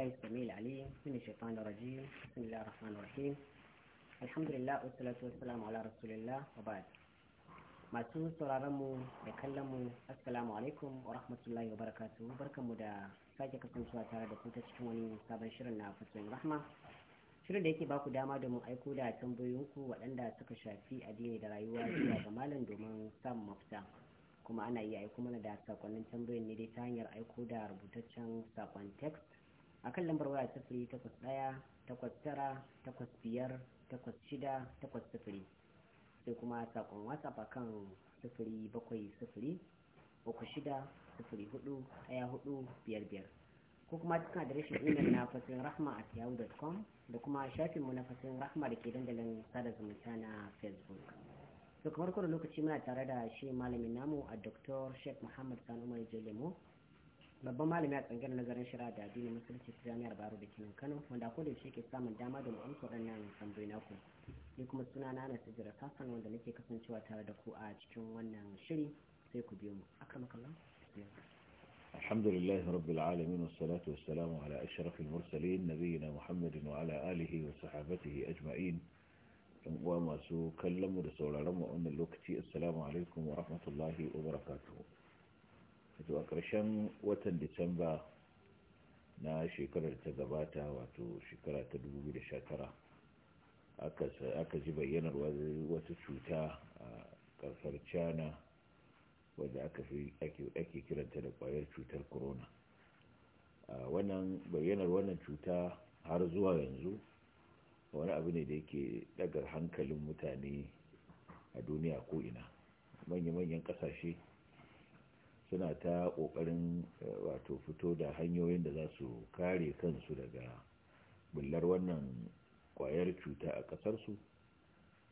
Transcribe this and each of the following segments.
الله السميع العليم من الشيطان الرجيم بسم الله الرحمن الرحيم الحمد لله والصلاة والسلام على رسول الله وبعد ما sauraronmu رمو kallonmu السلام عليكم wa rahmatullahi وبركاته barakatu مدى da sake kasancewa tare da kuta cikin wani sabon shirin na rahma shirin da yake baku dama domin aiko da tambayoyinku waɗanda suka shafi addini da rayuwa zuwa ga malam domin samun mafita kuma ana iya aiko mana da sakonnin tambayoyin ne dai ta hanyar aiko da rubutaccen sakon text akan lambar waya sifiri takwas ɗaya takwas tara takwas biyar takwas shida takwas sifiri sai kuma saƙon whatsapp akan sifiri bakwai sifiri uku shida sifiri hudu ɗaya hudu biyar biyar ko kuma cikin adireshin imel na fasin rahma at yahoo.com da kuma shafin mu na fasin rahma da ke dandalin sada zumunta na facebook to kamar kowane lokaci muna tare da shi malamin namu a dr sheikh muhammad sanu mai jelemo babban malami a tsangar nazarin shira da addinin musulunci ta jami'ar baro da kinan kano wanda ko da ke samun dama da mu'amsa waɗannan tambayi naku ni kuma suna na na su jira wanda nake kasancewa tare da ku a cikin wannan shiri sai ku biyo mu aka makalla alhamdulillahi rabbil alamin wassalatu wassalamu ala ashrafil mursalin nabiyina muhammadin wa ala alihi wa sahabatihi ajma'in ɗan uwa masu kallon mu da sauraron mu wannan lokaci assalamu alaikum wa rahmatullahi wa barakatu. wato a ƙarshen watan disamba na shekarar ta gabata wato shekara ta 2019 aka ji bayyanar wata cuta a ƙasar china wadda ake kiranta da ƙwayar cutar corona wannan bayyanar wannan cuta har zuwa yanzu wani abu ne da yake ɗagar hankalin mutane a duniya ko ina manya-manyan ƙasashe suna ta kokarin eh, wato fito da hanyoyin da za su kare kansu daga bullar wannan kwayar cuta a ƙasarsu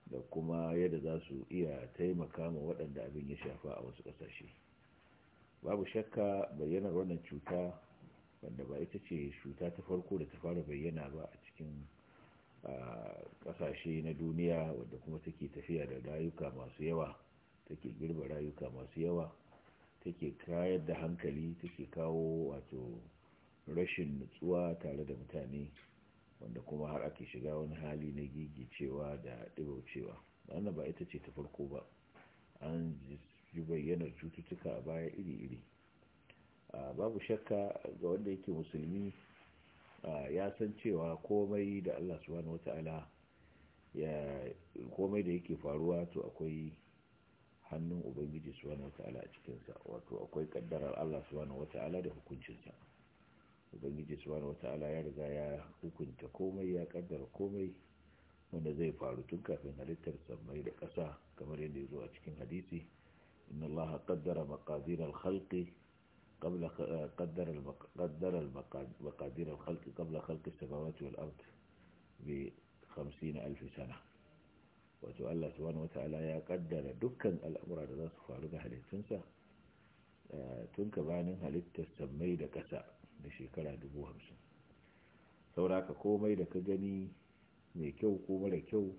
da kuma yadda za su iya taimaka ma waɗanda abin ya shafa a wasu ƙasashe babu shakka bayyanar wannan cuta wanda ba ita ce cuta ta farko da ta fara bayyana ba a cikin ah, ƙasashe na duniya wadda kuma take tafiya da rayuka masu yawa take girba rayuka masu yawa take kayar da hankali take kawo wato rashin nutsuwa tare da mutane wanda kuma har ake shiga wani hali na gigicewa da ɗibaucewa wannan ba ita ce ta farko ba an ji bayyanar cututtuka a baya iri-iri babu shakka ga wanda yake musulmi ya san cewa komai da allah subhanahu wata'ala ya komai da yake faruwa to akwai hannun ubangiji subhanahu wata'ala a cikinsa wato akwai kaddarar Allah subhanahu wata'ala da hukuncinsa ubangiji subhanahu wata'ala ya riga ya hukunta komai ya kaddara komai wanda zai faru tun kafin halittar samai da ƙasa kamar yadda ya zo a cikin hadisi inna allaha qaddara maqadir al-khalqi qabla eh, qaddara qaddara maqadir al qabla sana wato Allah subhanahu wata'ala ya kaddara dukkan al'amura da za su faru ga halittunsa eh, tun gabanin halittar sammai da kasa da shekara dubu hamsin sauraka komai da ka gani mai kyau ko mara kyau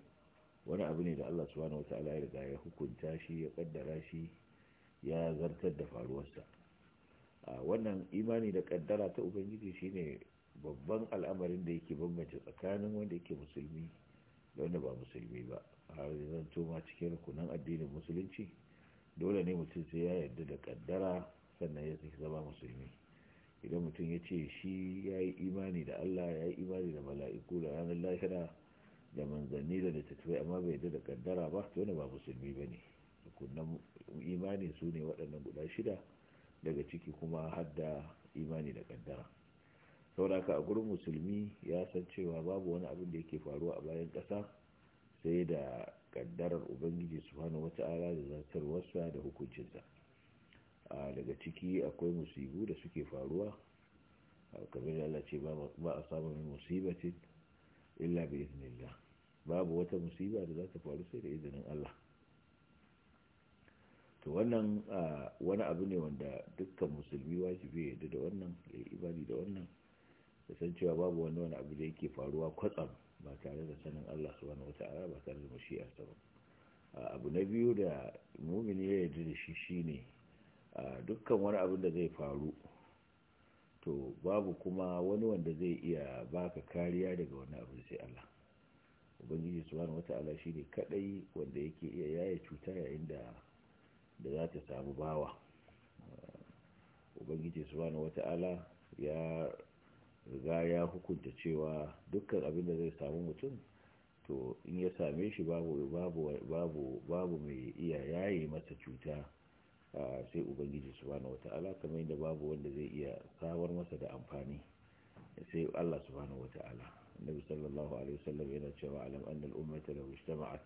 wani abu ne da Allah subhanahu wata'ala ya riga ya hukunta shi ya kaddara shi ya zartar da faruwarsa wannan imani da kaddara ta ubangiji shine babban al'amarin da yake bambance tsakanin wanda yake musulmi da wanda ba musulmi ba a zan toma cikin rukunan addinin musulunci dole ne mutum sai ya yarda da kaddara sannan ya zama musulmi idan mutum ya ce shi ya yi imani da allah ya yi imani da mala'iku da ranar lahira da manzanni da littattafai amma bai yarda da kaddara ba to ne ba musulmi ba ne imani su ne waɗannan guda shida daga ciki kuma har da imani da kaddara sauraka a gurin musulmi ya san cewa babu wani abin da yake faruwa a bayan ƙasa sai da kaddarar ubangiji subhanahu wata'ala da zartarwarsa da hukuncinsa daga ciki akwai musibu da suke faruwa kamar da Allah ce ba a samun musibatin illa bi iznillah babu wata musiba da za ta faru sai da izinin Allah to wannan wani abu ne wanda dukkan musulmi wajibi ya yadda da wannan ya ibadi da wannan da san cewa babu wani wani abu da yake faruwa kwatsam ba tare da sanin Allah subhanahu wata'ala ba tare da mashi'arsa ba abu na biyu da mumini ya yarda da shi shine dukkan wani abin da zai faru to babu kuma wani wanda zai iya baka kariya daga wani abin sai Allah ubangiji subhanahu wata'ala shine kadai wanda yake iya yaya cuta yayin da da za ta samu bawa ubangiji subhanahu wata'ala ya riga ya hukunta cewa dukkan abin da zai samu mutum to in ya same shi babu babu babu babu mai iya yayi masa cuta sai ubangiji subhanahu wata'ala kamar yadda babu wanda zai iya sabar masa da amfani sai Allah subhanahu wata'ala annabi sallallahu alaihi wasallam yana cewa alam anna al-ummata law ijtama'at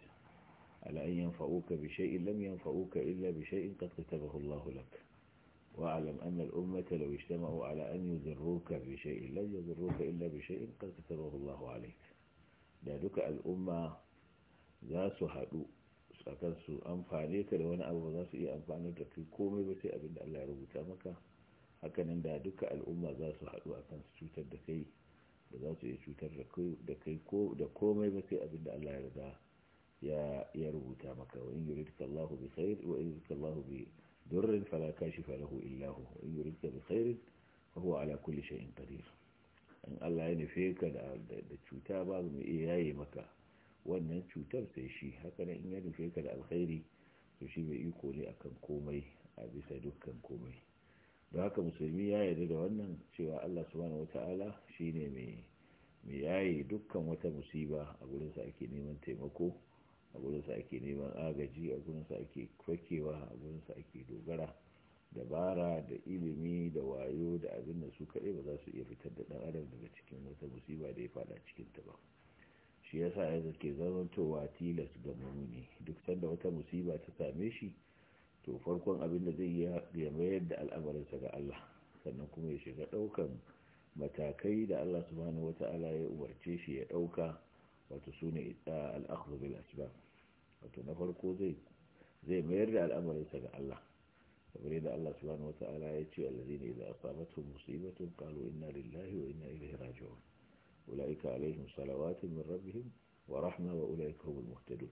ala an yanfa'uka bi shay'in lam yanfa'uka illa bi shay'in qad katabahu Allah lak وأعلم أن الأمة لو اجتمعوا على أن يضروك بشيء لا يضروك إلا بشيء قد كتبه الله عليك لذلك الأمة ذا سهدو أكن سو أمفاني لو انا أبو ذا سي أمفاني إيه كده كومي بتي أبن الله رب تامك أكن عند ذلك الأمة ذا سهدو أكن سو تدكي ذا إيه سو سو تدكي دكي كو دكومي بتي أبن الله رب يا يا رب تامك وإن يريدك الله بخير وإن يريدك الله بي durrin fala kashifa lahu illa hu in yuridka bi khairin fa huwa ala kulli shay'in qadir in Allah ya nufe ka da cuta babu mai iya yaye maka wannan cutar sai shi haka in ya nufe ka da alkhairi to shi mai iko ne akan komai a bisa dukkan komai da haka musulmi ya yarda da wannan cewa Allah wata wataala shine mai yaye dukkan wata musiba a gurinsa ake neman taimako a gurinsa ake neman agaji a gurinsa ake kwakewa a gurinsa ake dogara dabara da ilimi da wayo da abin da su kaɗai ba za su iya fitar da ɗan adam daga cikin wata musiba da ya faɗa cikin ta ba shi yasa ya ke zamantowa tilas ga mumuni duk sanda wata musiba ta same shi to farkon abin da zai yi ya mayar da al'amarinsa ga Allah sannan kuma ya shiga ɗaukan matakai da Allah subhanahu wata'ala ya umarce shi ya ɗauka wato su ne al'akhdhu bil asbab wato na farko zai zai mayar da al'amarinsa ga Allah kamar da Allah subhanahu wata'ala ya ce allazina idza asabatuhum musibatun qalu inna lillahi wa inna ilaihi raji'un ulaika alaihim salawatun min rabbihim wa rahma wa ulaika humul muhtadun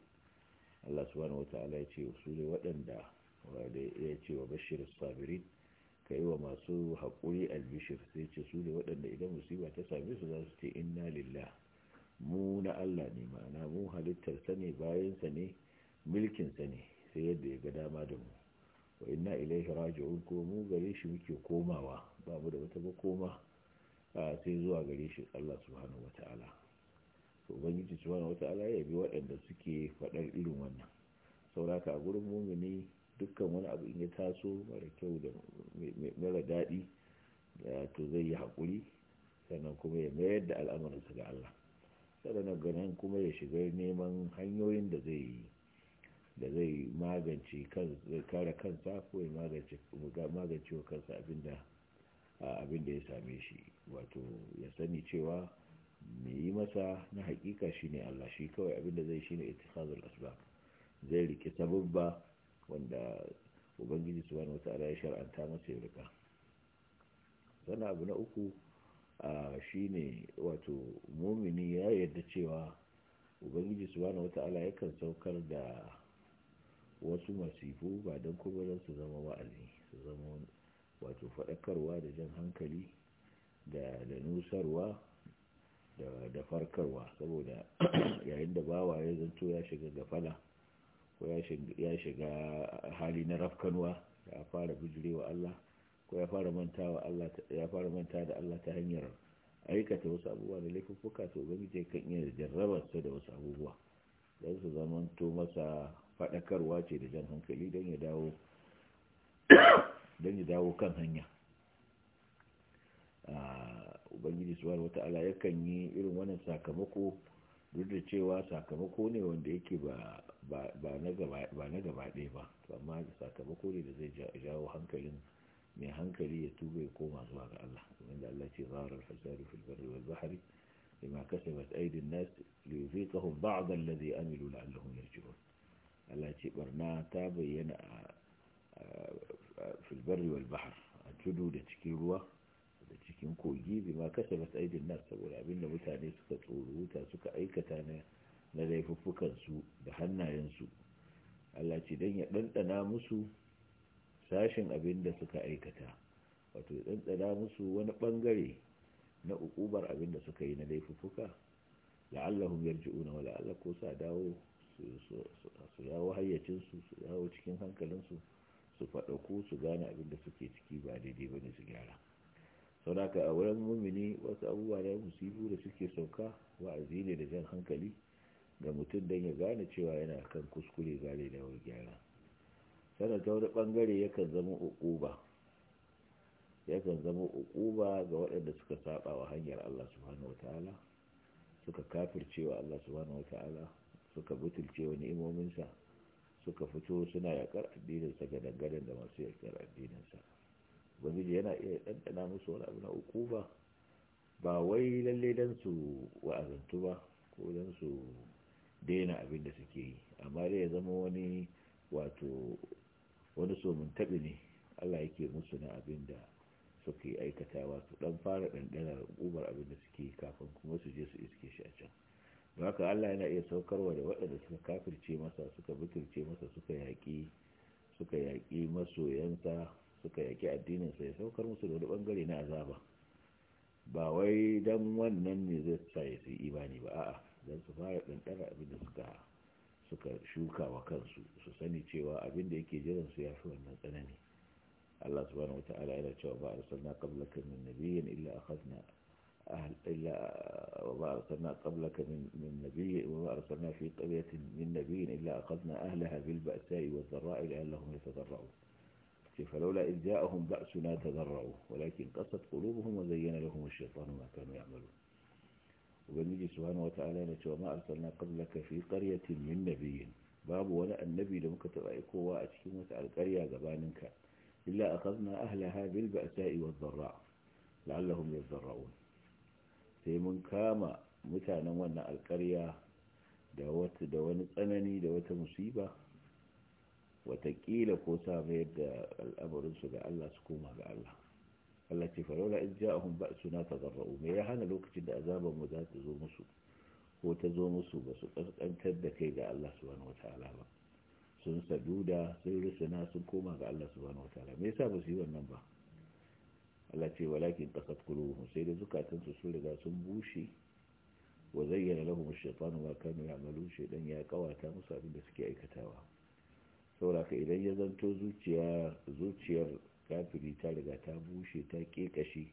Allah subhanahu wata'ala ya ce su ne waɗanda ya ce wa bashir sabirin ka yi wa masu haƙuri albishir sai ce su ne waɗanda idan musiba ta same su za su ce inna lillahi mu na Allah ne ma'ana mu ta ne bayansa ne mulkinsa ne sai yadda ya ga dama da mu wa inna ilaihi raji'un ko mu gare shi muke komawa ba mu da wata ba koma sai zuwa gare shi Allah subhanahu wata'ala to ubangiji subhanahu wata'ala ya bi waɗanda suke faɗar irin wannan sauraka a gurin mumini dukkan wani abu in ya taso mara kyau da mara daɗi to zai yi haƙuri sannan kuma ya mayar da al'amarinsa ga Allah sannan ganin kuma ya shiga neman hanyoyin da zai yi da zai magance kare kansa ko ya magance wa kansa abin abinda ya same shi wato ya sani cewa mai yi masa na hakika shine Allah shi kawai abin zai shine itikhazul asbab zai rike sababba wanda ubangiji subhanahu wataala ya shar'anta masa ya rika sannan abu na uku shine wato mumini ya yarda cewa ubangiji subhanahu wataala yakan saukar da wasu masifu ba don kuma don su zama wa'azi su zama wato faɗakarwa da jan hankali da nusarwa da farkarwa saboda yayin da bawa ya zanto ya shiga gafala ko ya shiga hali na rafkanwa ya fara bijirewa Allah ko ya fara manta da Allah ta hanyar aikata wasu abubuwa da laifuffuka to ubangiji je kan iya sa da wasu abubuwa don su zamanto masa faɗakarwa ce da jan hankali don ya dawo don ya dawo kan hanya ah, ubangiji suwar ala yakan yi irin wannan sakamako duk da cewa sakamako ne wanda yake ba na gaba ɗaya ba amma sakamako ne da zai jawo hankalin mai hankali ya tuba ya koma zuwa ga Allah wanda Allah ce zarar fasari fil barri wal bahri bima kasabat aydin nas zai yuziqahum ba'd amilu la'allahum yarji'un alaci barna ta bayyana a filbari wal bahar a tudu da cikin ruwa da cikin kogi bi ma kasa ba aidin nan saboda abinda mutane suka tsoro tsoruta suka aikata na laifuffukansu da hannayensu alaci don ya ɗanɗana musu sashen abinda suka aikata wato ya ɗanɗana musu wani ɓangare na uƙubar abinda suka yi na laifuffuka la'allahun yarji'una wa la'alla ko sa dawo su yawo hayyacinsu su yawo cikin hankalinsu su faɗaku su gane abin da suke ciki ba daidai ba ne su gyara sau da a wurin mummini wasu abubuwa na musibu da suke sauka wa'azi ne da jan hankali ga mutum don ya gane cewa yana kan kuskure gane da yawon gyara sannan ta wani ɓangare yakan zama uquba yakan zama ga waɗanda suka saba wa hanyar Allah subhanahu wataala suka kafircewa Allah subhanahu wataala suka butulce wani imominsa suka fito suna yakar addininsa ga dangane da masu yakar addininsa ubangiji yana iya ɗanɗana musu wani abu na uku ba ba wai lalle don su wa'azantu ba ko don su daina abin da suke yi amma dai ya zama wani wato wani somin taɓi ne allah yake musu na abin da suke aikatawa su ɗan fara ɗanɗana ubar abin da suke kafin kuma su je su iske shi a can haka Allah yana iya saukarwa da waɗanda suka kafirce masa suka bikirce masa suka yaƙi suka yaƙi masoyansa suka yaƙi addininsa ya saukar musu da wani ɓangare na azaba ba wai don wannan ne zai sa ya su imani ba a'a don su fara ɗanɗana abin da suka suka shuka wa kansu su sani cewa abin da yake jiran su ya fi wannan tsanani Allah subhanahu wa ta'ala yana cewa ba arsalna qablaka min nabiyyin illa akhadna أهل إلا وما أرسلنا قبلك من, من نبي وما أرسلنا في قرية من نبي إلا أخذنا أهلها بالبأساء والضراء لعلهم يتضرعون فلولا إذ جاءهم بأسنا تضرعوا ولكن قصت قلوبهم وزين لهم الشيطان ما كانوا يعملون وبنجي سبحانه وتعالى وما أرسلنا قبلك في قرية من نبي باب ولا النبي لم كتبعكوا على القرية قبانك إلا أخذنا أهلها بالبأساء والضراء لعلهم يتضرعون sai mun kama mutanen wannan alkarya da wata da wani tsanani da wata musiba watakila ko sa mayar da al'amarinsu ga Allah su koma ga Allah Allah ce farola in ja'ahum ba'suna tazarra'u mai ya hana lokacin da azaban mu za ta zo musu ko ta zo musu ba su kaskantar da kai ga Allah subhanahu wataala ba sun saduda sun rusuna sun koma ga Allah subhanahu wataala me yasa ba su yi wannan ba Allah ce walakin taqat qulubuhum sai da zukatansu sun riga sun bushe wa zayyana lahum ash-shaytanu ma kanu ya'malu shaytan ya kawata musu abin da suke aikatawa saboda ka idan ya zanto zuciya zuciyar kafiri ta riga ta bushe ta kekashi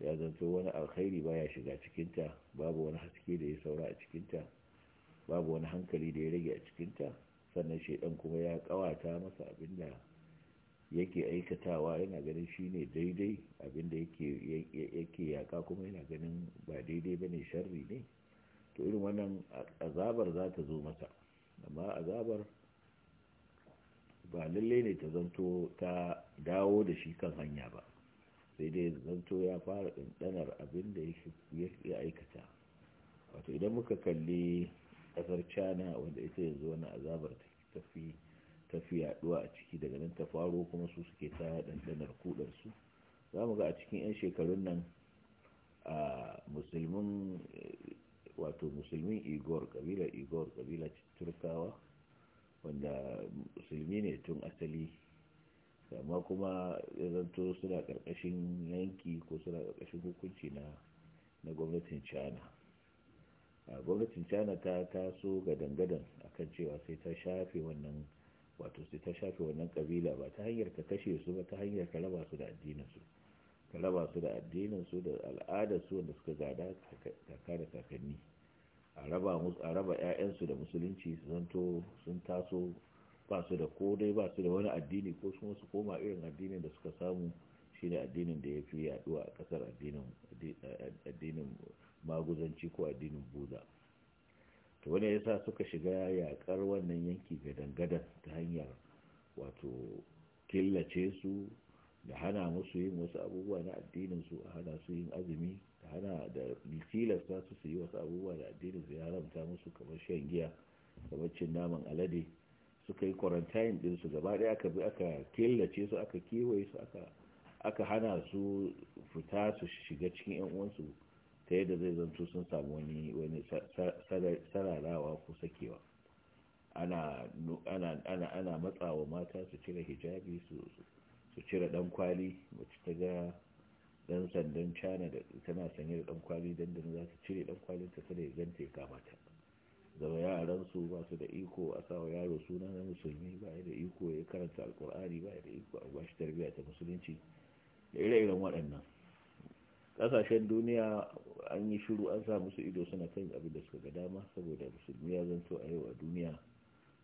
ya zanto wani alkhairi baya shiga cikinta babu wani haske da ya saura a cikinta babu wani hankali da ya rage a cikinta sannan shaidan kuma ya kawata masa abinda yake aikatawa yana ganin shi ne daidai abinda yake yaƙa kuma yana ganin ba daidai ba ne sharri ne to irin wannan azabar za ta zo masa amma azabar ba lalle ne ta zanto ta dawo da shi kan hanya ba sai dai zanto ya fara ɗanɗanar abinda da aikata wato idan muka kalli ƙasar china wanda ita yanzu wani azabar ta fi ta fi yaduwa a ciki daga nan ta faro kuma su suke ta ɗanɗanar kudarsu za mu ga a cikin 'yan shekarun nan a musulmin wato musulmin igor kabila igor kabila turkawa wanda musulmi ne tun asali amma kuma zanto suna karkashin yanki ko suna karkashin hukunci na na gwamnatin china a gwamnatin china ta taso gadangadan akan cewa sai ta shafe wannan wato sai ta shafe wannan kabila ba ta hanyar ka kashe su ba ta hanyar ka raba su da addinin su ka raba su da addinin su da al'adar su wanda suka gada kaka da kakanni a raba musu a raba ƴaƴan su da musulunci su zanto sun taso ba su da ko dai ba su da wani addini ko kuma su koma irin addinin da suka samu shine addinin da ya fi yaduwa a kasar addinin addinin maguzanci ko addinin buda to wani sa suka shiga yaƙar wannan yanki gadan-gadan ta hanyar wato killace su da hana musu yin wasu abubuwa na addinin su hana su yin azumi da hana da tilasta su su yi wasu abubuwa da addinin su ya haramta musu kamar shan giya kamar cin naman alade suka yi quarantine din su gaba ɗaya aka bi aka killace su aka kewaye su aka hana su fita su shiga cikin yan uwansu ta yadda zai zanto sun samu wani wani sararawa ko sakewa ana matsawa mata su cire hijabi su cire dan kwali mace ta ga dan sandan cana da tana sanye da dan kwali da za ta cire dan kwalin ta kada ya zanta ya kamata zama yaran su ba su da iko a sawa yaro suna na musulmi ba ya da iko ya karanta alkur'ani ba ya da iko a bashi tarbiyya ta musulunci da ire-iren waɗannan kasashen duniya an yi shiru an sa musu ido suna kan abin da suka ga dama saboda musulmi ya zanto a yau a duniya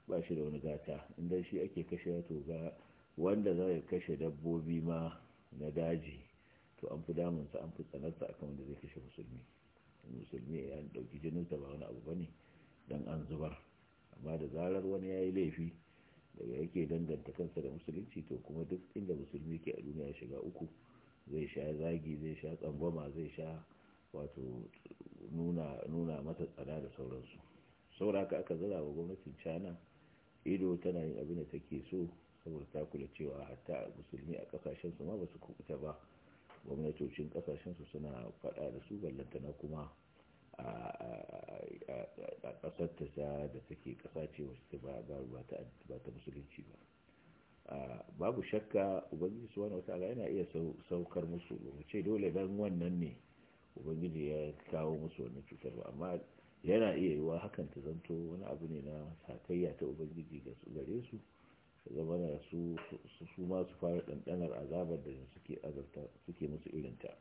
ba shi da wani gata inda shi ake kashe to ga wanda za ya kashe dabbobi ma na daji to an fi damunsa an fi tsanarsa akan wanda zai kashe musulmi musulmi ya ɗauki jininsa ba wani abu ba ne don an zubar amma da zarar wani ya yi laifi daga yake danganta kansa da musulunci to kuma duk inda musulmi ke a duniya shiga uku zai sha zagi zai sha tsangwama zai sha wato nuna mata tsada da sauransu sauraka aka zara wa gwamnatin china ido tana yin abin da take so saboda ta kula cewa hatta musulmi a kasashen su ma ba su kubuta ba gwamnatocin kasashen su suna fada da su na kuma a kasar ta da take kasa ce wasu ba ta musulunci ba babu shakka ubangiji su wani wata yana iya saukar musu mu ce dole don wannan ne ubangiji ya kawo musu wani cutar ba amma yana iya yiwa hakan ta zanto wani abu ne na sakayya ta ubangiji ga su gare su zama na su su ma su fara ɗanɗanar azabar da suke suke musu irinta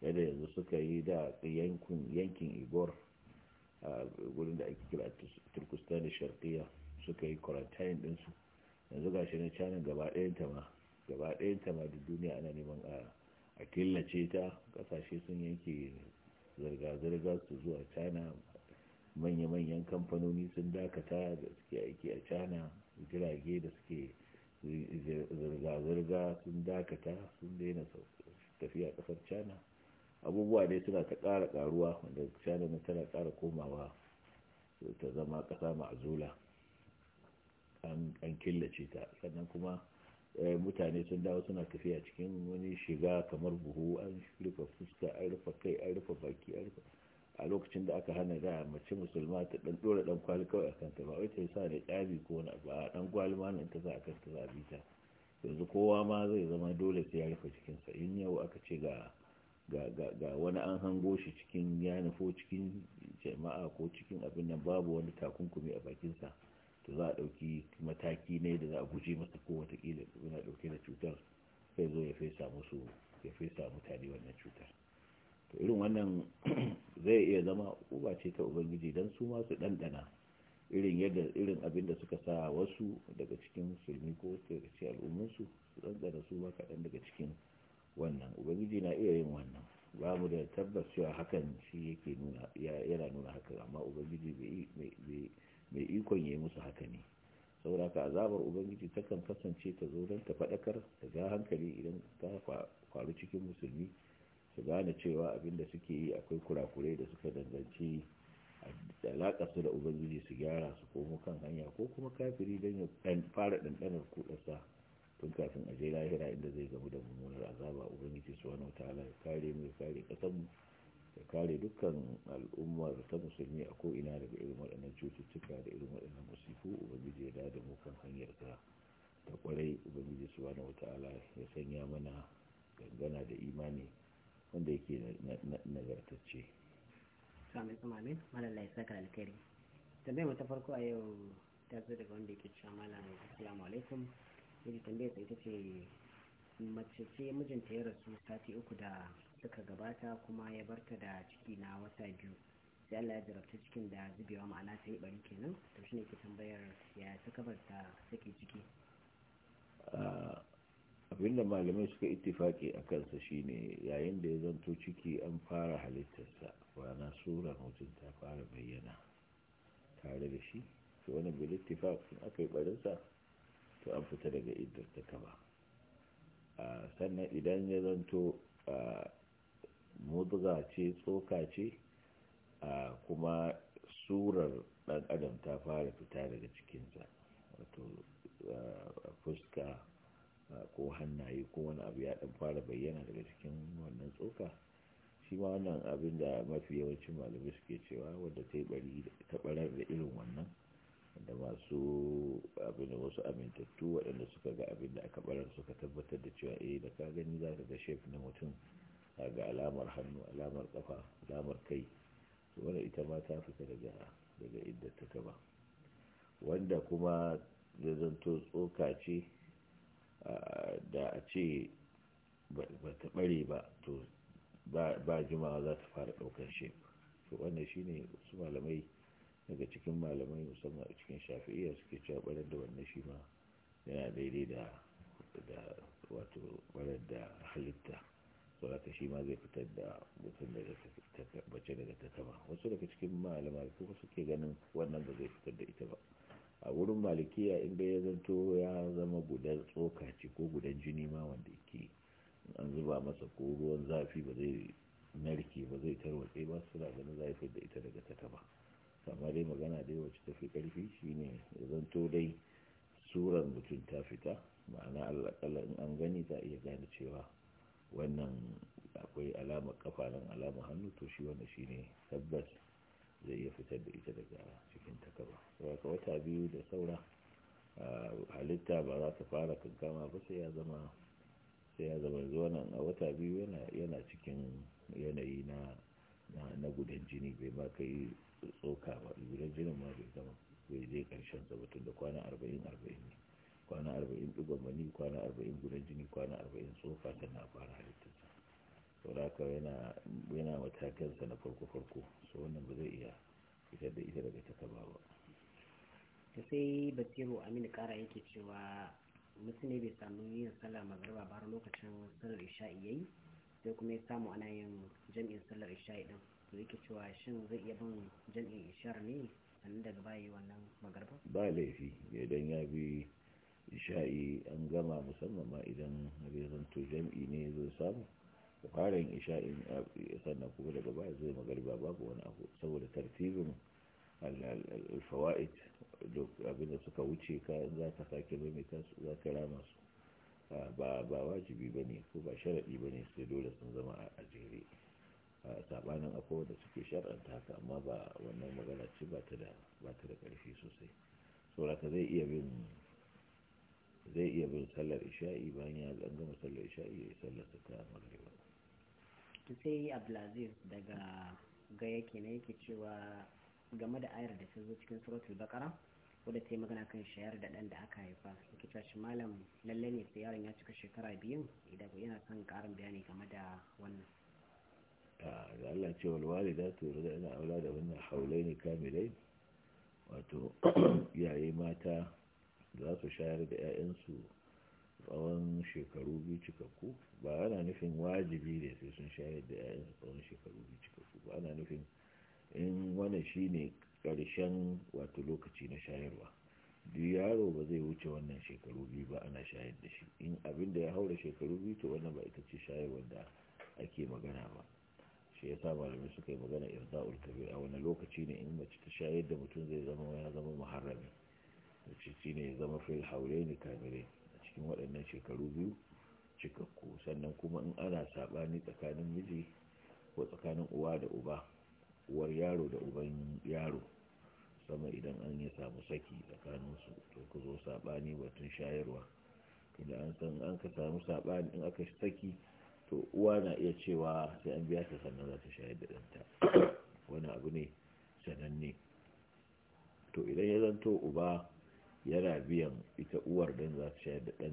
yadda yanzu suka yi da yankin igor a gudun da ake kira turkistan da sharkiya suka yi quarantine ɗinsu yanzu ga shi na canin gaba ta ma gaba ma duk duniya ana neman a killace ta ƙasashe sun yanke zirga-zirga su zuwa cana manya-manyan kamfanoni sun dakata da suke aiki a cana jirage da suke zirga-zirga sun dakata sun daina tafiya ƙasar cana abubuwa dai suna ta kara ƙaruwa wanda cana tana ƙara komawa ta zama ƙasa ma'azula an killace ta sannan kuma eh, mutane sun dawo suna tafiya cikin wani shiga kamar buhu an rufe fuska an rufe kai an rufe baki a lokacin da aka hana da mace musulma ta dan dora dan kwali kawai a kanta ba wai ta sa da kyabi ko wani ba dan kwali ma nan ta sa a kanta za bi ta yanzu kowa ma zai zama dole sai ya rufe sa in yau aka ce ga ga wani an hango shi cikin ya nufo cikin jama'a ko cikin abin nan babu wani takunkumi a bakinsa to za a ɗauki mataki ne da za a guje masa ko watakila yana ɗauke da cutar sai zo ya fesa musu ya fesa mutane wannan cutar to irin wannan zai iya zama uba ce ta ubangiji dan su ma su ɗanɗana irin yadda irin abin da suka sa wasu daga cikin musulmi ko daga cikin al'ummunsu su ɗanɗana su ma kaɗan daga cikin wannan ubangiji na iya yin wannan ba mu da tabbas cewa hakan shi yake nuna yana nuna hakan amma ubangiji bai mai ikon ya yi musu haka ne saboda ka azabar ubangiji takan kasance ta zo don ta faɗakar ta ga hankali idan ta faru cikin musulmi su gane cewa abin da suke yi akwai kurakurai da suka danganci alaƙa su da ubangiji su gyara su komo kan hanya ko kuma kafiri don ya fara ɗanɗanar kuɗarsa tun kafin a je lahira inda zai gamu da mummunar azaba ubangiji su wani wata kare mu ya kare ƙasar da kare dukkan al'ummar ta musulmi a ko'ina daga irin waɗannan cututtuka da irin waɗannan musifu ubangiji ya dada mu kan hanyar ta ta kwarai ubangiji subhanahu wata'ala ya sanya mana gangana da imani wanda yake nagartacce sami tsumamin malalla ya saka alkhairi tambayar mu ta farko a yau ta zo daga wanda yake cewa malam assalamu alaikum yadda tambayar ita ce mace ce mijinta ya rasu sati uku da suka gabata kuma ya barta da ciki na wata biyu sai Allah ya jarabta cikin da zubewa ma'ana ta yi bari kenan to shine ke tambayar ya kabar ta sake ciki ah, abinda malamai suka ittifaki a kansa shine yayin da ya zanto ciki an fara halittarsa wana sura mutum ta fara bayyana tare da shi to wani bil ittifaq in aka yi barinsa to an fita daga iddar ta kama ah, sannan idan ya zanto ah, mudga ce tsoka ce a kuma surar dan adam ta fara fita daga cikinsa wato fuska ko hannaye ko wani abu ya dan fara bayyana daga cikin wannan tsoka shi ma wannan abin da mafi yawancin malamai suke cewa wadda ta yi bari ta barar da irin wannan da masu abin da wasu amintattu waɗanda suka ga abin da aka barar suka tabbatar da cewa eh da ka gani za ka ga shef na mutum ga alamar hannu alamar kafa alamar kai to wannan ita ma ta fita daga daga ta wanda kuma ya zanto tsoka ce da a ce ba ta bare ba to ba jimawa za ta fara ɗaukar shi to wannan shine su malamai daga cikin malamai musamman a cikin shafi'iyya suke cewa barar da wannan shi ma yana daidai da wato barar da halitta sauraka shi ma zai fitar da mutum daga mace daga sama wasu daga cikin malamai kuma suke ganin wannan ba zai fitar da ita ba a wurin malikiya inda ya zanto ya zama gudan tsoka ce ko gudan jini ma wanda yake an zuba masa ko ruwan zafi ba zai narke ba zai tarwatse ba suna ganin zai fitar da ita daga takaba amma dai magana dai wacce tafi karfi shine ya zanto dai surar mutum ta fita ma'ana alaƙalla in an gani za a iya gane cewa wannan akwai alamar kafa nan alamar hannu to shi wannan shine tabbas zai iya fitar da ita daga cikin takaba saboda wata biyu da saura halitta ba za ta fara kankama ba sai ya zama sai ya zama zuwa nan a wata biyu yana cikin yanayi na na gudan jini bai ma kai tsoka ba gudan jinin ma bai zama bai je karshen sa ba da kwana arba'in arba'in ne kwana arba'in ɗigon mani kwana arba'in gudan jini kwana arba'in tsofa sannan a fara halittarsa haka yana sa na farko-farko so wannan ba zai iya fitar da ita daga takaba ba ta sai basiru aminu kara yake cewa mutum ne bai samu yin sallar magarba ba lokacin sallar isha'i ya yi sai kuma ya samu ana yin jam'in sallar isha'i ɗin to yake cewa shin zai iya bin jam'in ishar ne sannan daga bayi wannan magarba ba laifi idan ya bi isha'i an gama musamman ma idan zai zanto jam'i ne zai samu ku isha'i isha'in sannan kuma daga baya zai magariba babu wani abu saboda tartibin alfawa'id abinda suka wuce ka za ka sake maimaita za ka rama su ba wajibi ba ne ko ba sharaɗi ba ne sai dole sun zama a jere sabanin akwai wanda suke shar'anta haka amma ba wannan magana ce ba ta da ƙarfi sosai saboda ka zai iya bin zai iya bin sallar isha'i bayan ya an gama sallar isha'i ya yi sallar ta ta magriba sai abdulaziz daga ga yake na yake cewa game da ayar da ta zo cikin suratul bakara wadda ta yi magana kan shayar da ɗan da aka haifa yake cewa shi malam lalle ne sai yaron ya cika shekara biyu idan yana son ƙarin bayani game da wannan a da Allah ce aula da wannan haulai ne kamilai wato yayi mata za su shayar da 'ya'yansu tsawon shekaru biyu cikakku ba ana nufin wajibi ne sai sun shayar da 'ya'yansu tsawon shekaru biyu cikakku ba ana nufin in wane shi ne karshen wato lokaci na shayarwa duk yaro ba zai wuce wannan shekaru biyu ba ana shayar da shi in abin da ya haura shekaru biyu to wannan ba ita ce shayarwar da ake magana ba shi ya sa malamai suka yi magana irza'ul kabir a wani lokaci ne in mace ta shayar da mutum zai zama ya zama muharrami ce shi ne ya zama fil haure ne kamilai a cikin waɗannan shekaru biyu cikakku sannan kuma in ana saɓani tsakanin miji ko tsakanin uwa da uba uwar yaro da uban yaro sama idan an yi samu saki tsakaninsu to ku zo saɓani batun shayarwa tunda an san an ka samu saɓani in aka saki to uwa na iya cewa sai an biya ta sannan za ta shayar da ɗanta wani abu ne sananne to idan ya zanto uba yana biyan ita uwar don za su shayar da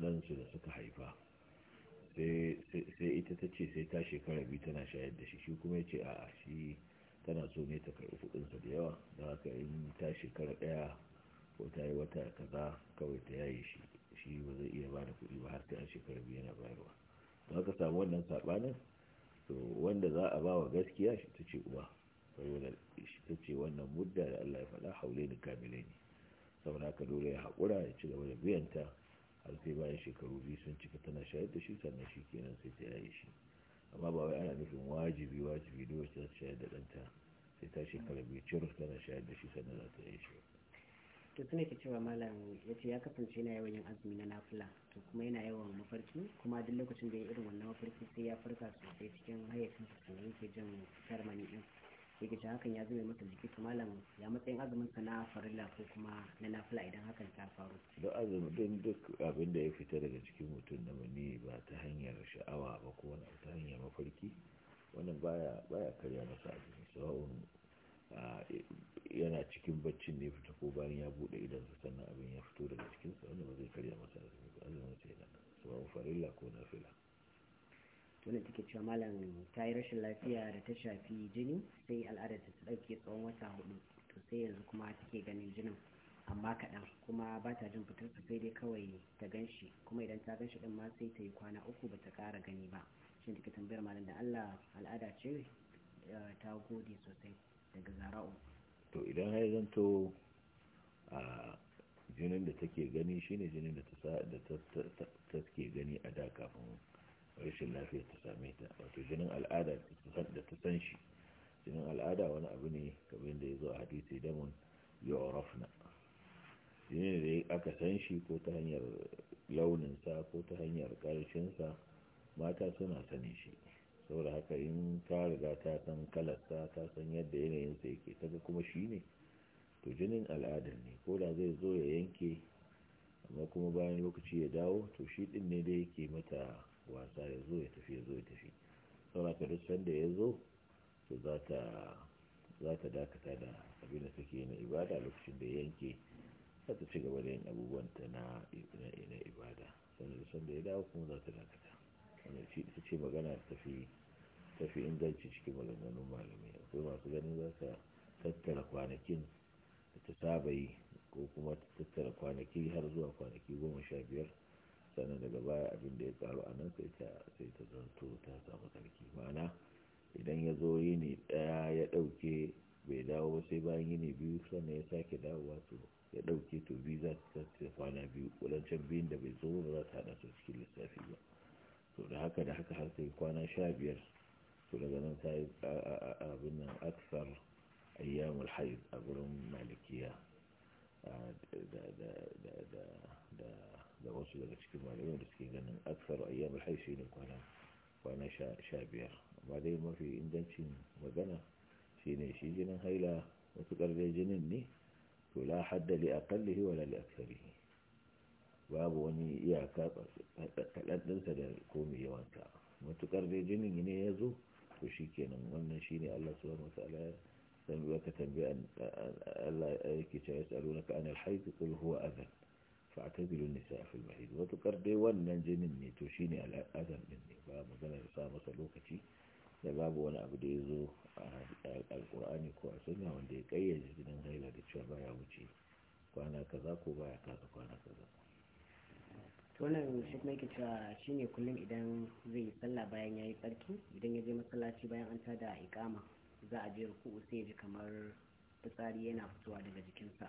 ɗansu da suka haifa sai ita ta ce sai ta shekara biyu tana shayar da shi shi kuma ya ce a shi tana so ne ta karɓi kuɗinsa da yawa da haka in ta shekara ɗaya ko ta yi wata kaza kawai ta yaye shi shi ba zai iya bada kuɗi ba har sai an shekara biyu yana bayarwa don haka samu wannan saɓanin to wanda za a ba wa gaskiya shi ta ce uwa saboda shi ta ce wannan mudda da allah ya faɗa haule ni kamile ne saboda haka dole ya haƙura ya ci gaba da ta har sai bayan shekaru biyu sun cika tana shayar da shi sannan shi kenan sai ta yaye shi amma ba wai ana nufin wajibi wajibi dole ta shayar da ɗanta sai ta shekara biyu cir tana shayar da shi sannan za ta yaye shi to tuna ke cewa malam ya ce ya kasance yana yawan yin azumi na nafila to kuma yana yawan mafarki kuma duk lokacin da ya irin wannan mafarki sai ya farka sosai cikin hayyacinsa sannan yake jin fitar ɗin yake can hakan ya zube mata jiki to malam ya matsayin azumin sa na farilla ko kuma na nafila idan hakan ta faru don azumi don duk abin da ya fita daga cikin mutum da mani ba ta hanyar sha'awa ba ko wani ta hanyar mafarki wannan baya baya karya masa azumi sawa'un yana cikin baccin ne fita ko bayan ya bude idan sa sannan abin ya fito daga cikin sa wannan ba zai karya masa azumi ba azumin sai nan sawa'un farilla ko nafila wanda take cewa malam ta yi rashin lafiya da ta shafi jini sai al'adar ta ɗauke tsawon wata hudu to sai yanzu kuma take ganin jinin amma kaɗan kuma ba ta jin fitar sai dai kawai ta gan shi kuma idan ta gan shi ɗin ma sai ta yi kwana uku ba ta ƙara gani ba shi take tambayar malam da allah al'ada ce eh, ta gode sosai daga zara'u to idan har zanto a jinin da take gani shine jinin da ta take gani a da kafin rashin lafiya ta same ta wato jinin al'ada da ta san shi jinin al'ada wani abu ne kamar da ya zo a hadisi damun yorofna jinin da aka san shi ko ta hanyar sa ko ta hanyar ƙarshensa mata suna sanin shi saboda haka in ta riga ta san kalarsa ta san yadda yanayinsa yake ta kuma shi ne to jinin al'adar ne ko da zai zo ya yanke amma kuma bayan lokaci ya dawo to shi din ne da yake mata wasa ya zo ya tafi ya zo ya tafi sauraka duk sanda ya zo to za ta dakata da abin da take na ibada lokacin da yanke za ta ci gaba da yin ta na na ibada sanda duk sanda ya dawo kuma za ta dakata wannan shi ita ce magana ta tafi inganci cikin maganganun malamai akwai masu ganin za ta tattara kwanakin da ta saba yi ko kuma tattara kwanaki har zuwa kwanaki goma sha biyar sannan daga baya abin da ya karu a nan sai ta zanto ta samu sarki ma'ana idan ya zo yini ɗaya ya ɗauke bai dawo sai bayan yini biyu sannan ya sake dawowa to ya ɗauke to biyu za ta kwana biyu wadancan biyun da bai zo ba za ta haɗa su cikin lissafi ba to da haka da haka har sai kwana sha biyar to daga nan ta yi abin nan aksar ayyamul haid a gurin malikiya da wasu daga cikin malamai da suke ganin aksar ayyamul haish ne kwana kwana sha biyar amma dai mafi ingancin magana shine shi jinin haila matuƙar dai jinin ne to la hadda li aqallihi wala li babu wani iyaka kaɗaɗɗinsa da komi yawanta matuƙar dai jinin ne ya zo to shi kenan wannan shi ne allah subhanahu wa ta'ala ka tambaya Allah yake cewa yas'alunaka anil hayd qul huwa adhan fa'tazilu an-nisaa fil mahid wato dai wannan jinin ne to shine al'adam din ne ba magana da sa lokaci da babu wani abu da ya zo a alkur'ani ko a sunna wanda ya kayyade jinin haila da cewa baya wuce kwana kaza ko baya kaza kwana kaza to wannan shi cewa shine kullum idan zai yi sallah bayan yayi tsarki idan ya je masallaci bayan an tada iqama za a je ruku'u sai ji kamar fitsari yana fitowa daga jikinsa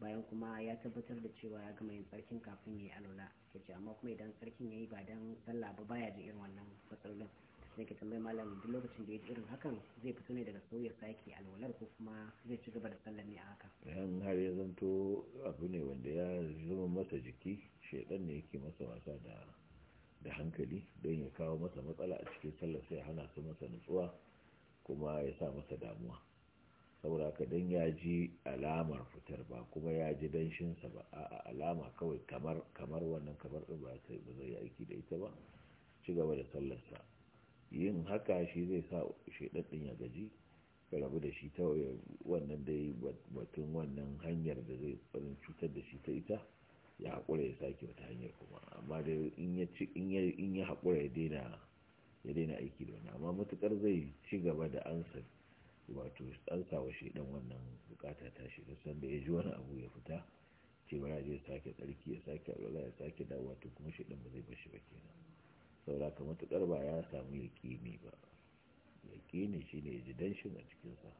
bayan kuma ya tabbatar da cewa ya gama yin tsarkin kafin ya yi alwala ya ce amma kuma idan tsarkin ya yi ba dan sallah ba baya ji irin wannan fitsarin sai ka tambayi malam duk lokacin da ya ji irin hakan zai fito ne daga sauya sake alwalar ko kuma zai ci gaba da sallar ne a haka yan har ya zanto abu ne wanda ya zama masa jiki shaidan ne yake masa wasa da da hankali don ya kawo masa matsala a cikin sallar sai hana su masa nutsuwa kuma ya sa masa damuwa saboda ka dan ya ji alamar fitar ba kuma ya ji danshinsa ba a alama kawai kamar kamar wannan kamar ɗin ba sai ba zai aiki da ita ba ci gaba da sallarsa yin haka shi zai sa shaidaddin ya gaji ka rabu da shi ta wannan dai batun wannan hanyar da zai farin cutar da shi ta ita ya haƙura ya sake wata hanyar kuma amma dai in ya haƙura ya daina ya daina aiki da wani amma matukar zai ci gaba da ansa wato an sawa shi dan wannan bukata ta shi san da ya ji wani abu ya fita ce ba zai sake tsarki ya sake alwala ya sake dawo wato kuma shi dan ba zai bar ba kenan saboda ka matukar ba ya samu yaƙini ba yaƙini shine ya ji danshin a cikinsa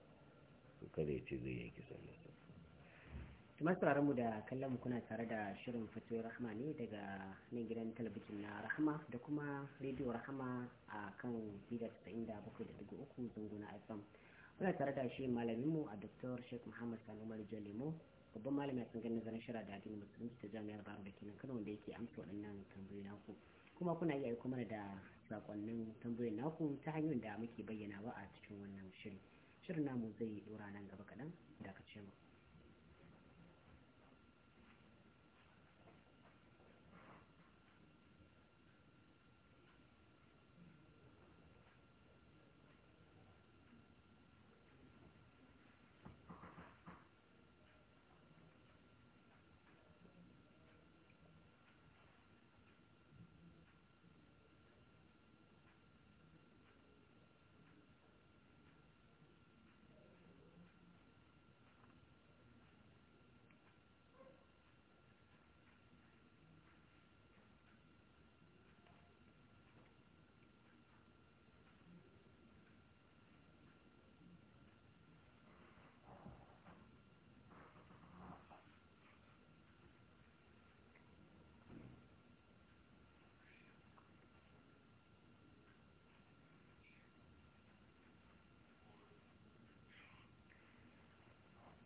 to kada ya ce zai yanke sallarsa masu mu da kallon mu kuna tare da shirin fatoyi rahama ne daga nan gidan talabijin na rahama da kuma rediyo rahama a kan bida 97.3 zunguna fm muna tare da shi malaminmu a dr sheikh muhammad umar marijan lemo babban malami a tsangar nazarin shirar da musulunci ta jami'ar baro da kenan kano wanda yake amsa waɗannan tambayoyi naku kuma kuna iya aiko mana da sakonnin tambayoyi naku ta hanyar da muke bayyana ba a cikin wannan shirin shirin namu zai dora nan gaba kaɗan da ka ce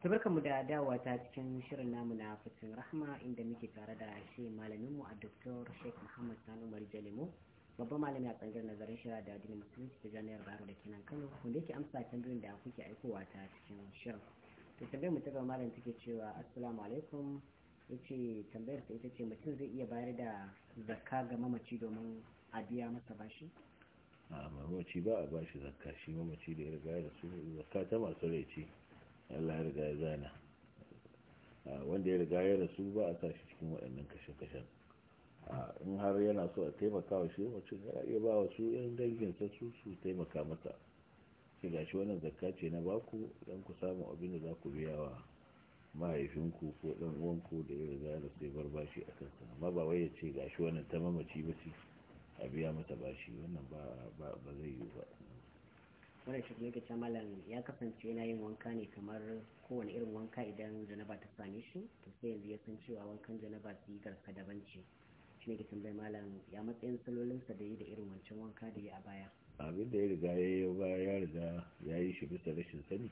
mu da dawa ta cikin shirin namu na fitin rahama inda muke tare da shi mu a doktor sheikh muhammad sanu marjalimo babban malami a tsangar nazarin shira da addinin musulunci ta jami'ar bayero da kenan kano wanda yake amsa tambayoyin da kuke aikowa ta cikin shirin to tambayar mu ta ga malam take cewa assalamu alaikum yace tambayar ta ita ce mutum zai iya bayar da zakka ga mamaci domin a biya masa bashi a mamaci ba a bashi zakka shi mamaci da ya riga da su zakka ta masu rai Allah ya riga ya zana wanda ya riga ya rasu ba a sashi cikin waɗannan kashe-kashen in har yana so a taimaka wa shi wacce yana iya ba wasu yan danginsa su su taimaka masa shi ga shi wannan zakka ce na baku dan ku samu abin da za ku biya wa mahaifinku ko dan uwanku da ya riga da sai bar bashi a kansa amma ba wai ya ce ga shi wannan ta mamaci ba ce a biya mata bashi wannan ba zai yiwu ba wannan shi malami ce malam ya kasance yana yin wanka ne kamar kowane irin wanka idan janaba ta same shi to sai yanzu ya san cewa wankan janaba su yi garka daban ce shi ne ke bai malam ya matsayin salolinsa da yi da irin wancan wanka da yi a baya abin da ya riga ya yi ba ya riga ya yi shi bisa rashin sani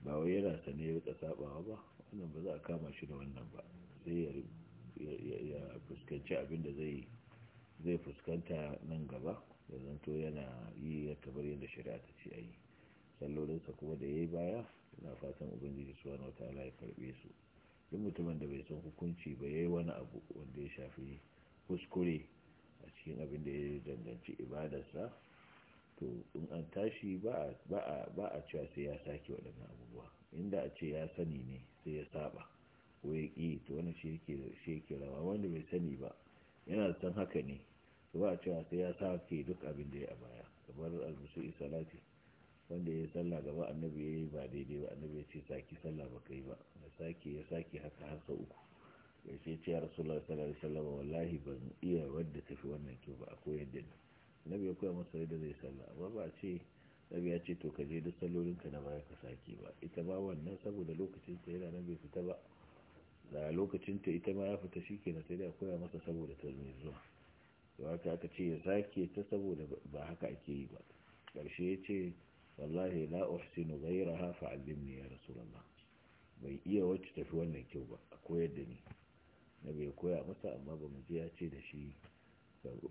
ba wai yana sane ya rika sabawa ba wannan ba za a kama shi da wannan ba sai ya fuskanci abin da zai fuskanta nan gaba ya zanto yana yi kamar yadda shari'a ta ce a yi sallolinsa kuma da ya yi baya na fatan ubangiji su wani wata ala ya karbe su duk mutumin da bai san hukunci ba ya yi wani abu wanda ya shafi kuskure a cikin abin da ya danganci ibadarsa to in an tashi ba a cewa sai ya sake waɗannan abubuwa inda a ce ya sani ne sai ya saba ko ya ƙi to wani shi yake rawa wanda bai sani ba yana san haka ne su ba a cewa sai ya sa ke duk abin da ya a baya kamar almusu lati wanda ya salla gaba annabi ya yi ba daidai ba annabi ya ce saki salla ba kai ba da sake ya sake haka har sau uku ya ce ce ya rasulullah salari salla ba wallahi ban iya wadda tafi wannan kyau ba a koyar da ni annabi ya koya masa yadda zai salla amma ba a ce annabi ya ce to ka je duk ka na baya ka sake ba ita ba wannan saboda lokacin ta yana nan bai fita ba da lokacin ta ita ma ya fita kenan sai dai a koya masa saboda ta zuwa to haka aka ce ya sake ta saboda ba haka ake yi ba ƙarshe ya ce wallahi la uhsinu ghayraha fa'allimni ya rasulullah bai iya wacce tafi wannan kyau ba a koyar da ni na bai koya masa amma ba mu je ya ce da shi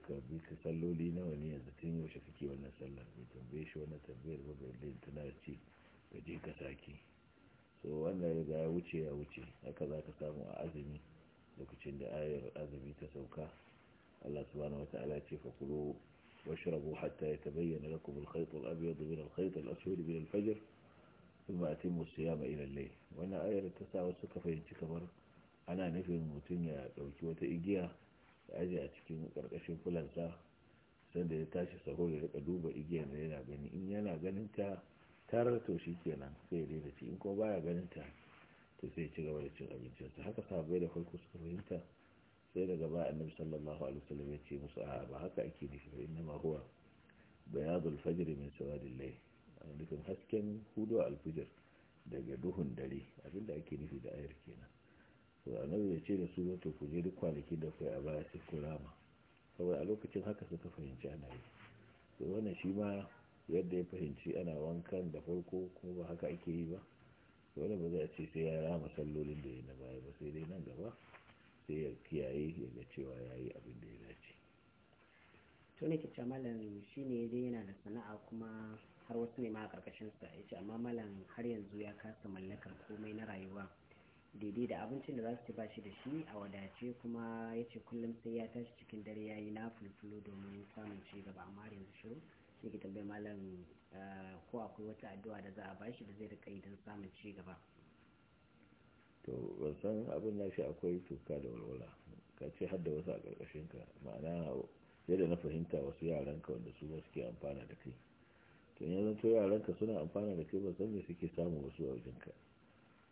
ka bi ka salloli nawa ne yanzu tun yaushe kake wannan sallar bai tambaye shi wannan tambayar ba bai lin tana ce ka je ka sake so wannan riga ya wuce ya wuce haka za ka samu a azumi lokacin da ayar azumi ta sauka Allah subhanahu wata'ala ya ce fa kulu washrabu hatta yatabayyana ta bayyana khayt al-abyad min al-khayt al-aswad min al-fajr thumma atimmu as-siyama ila wannan ayar ta sa wasu ka fahimci kamar ana nufin mutum ya ɗauki wata igiya ya aje a cikin karkashin fulansa sanda ya tashi sahur ya rika duba igiyar da yana gani in yana ganin ta tarar to shi kenan sai ya daina ci in kuma baya ganin ta to sai ci gaba da cin abincinsa haka sahabbai da farko suka fahimta sai daga ba annabi sallallahu alaihi wasallam ya ce musu a ba haka ake nufi ba inna ma huwa bayadul fajr min sawadil layl nufin hasken hudu alfijir daga duhun dare abinda ake nufi da ayar kenan to annabi ya ce da su to ku je duk kwanaki da kai a baya sai ku rama saboda a lokacin haka suka fahimci ana yi to wannan shi ma yadda ya fahimci ana wankan da farko kuma ba haka ake yi ba wani ba za a ce sai ya rama sallolin da ya na baya ba sai dai nan gaba sai ya kiyaye ya ga cewa ya yi abin da ya dace to ne ce malam shi ne dai yana da sana'a kuma har wasu ne ma a karkashin sa ya ce amma malam har yanzu ya kasa mallakar komai na rayuwa daidai da abincin da za su ci ba shi da shi a wadace kuma ya ce kullum sai ya tashi cikin dare ya yi na fulfulu domin samun ci gaba amma har yanzu shiru shi tambayi malam eh, ko akwai wata addu'a da za a ba shi da zai rika yi don samun ci gaba to ban san abin na shi akwai tuka da walwala ka ce har da wasu a ƙarƙashin ka ma'ana yadda na fahimta wasu yaran ka wanda su ba suke amfana da kai to in yanzu yaranka yaran ka suna amfana da kai ba san me suke samu wasu a wajen ka